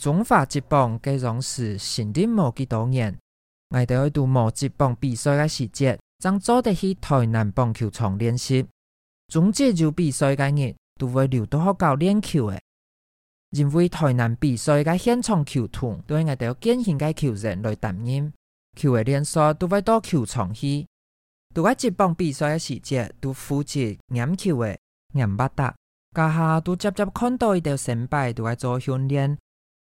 中華職棒計勇士成立冇幾多年，我哋在到冇職棒比賽嘅時節，正做得去台南棒球場練習。總之，就比賽嘅日都會留到學校練球嘅。因為台南比賽嘅現場球團都係我哋要行現球人來體驗，球位練習都會到球場去。到職棒比賽嘅時節，都負責練球嘅，眼不達，家下都接接看到一條成敗，都係做訓練。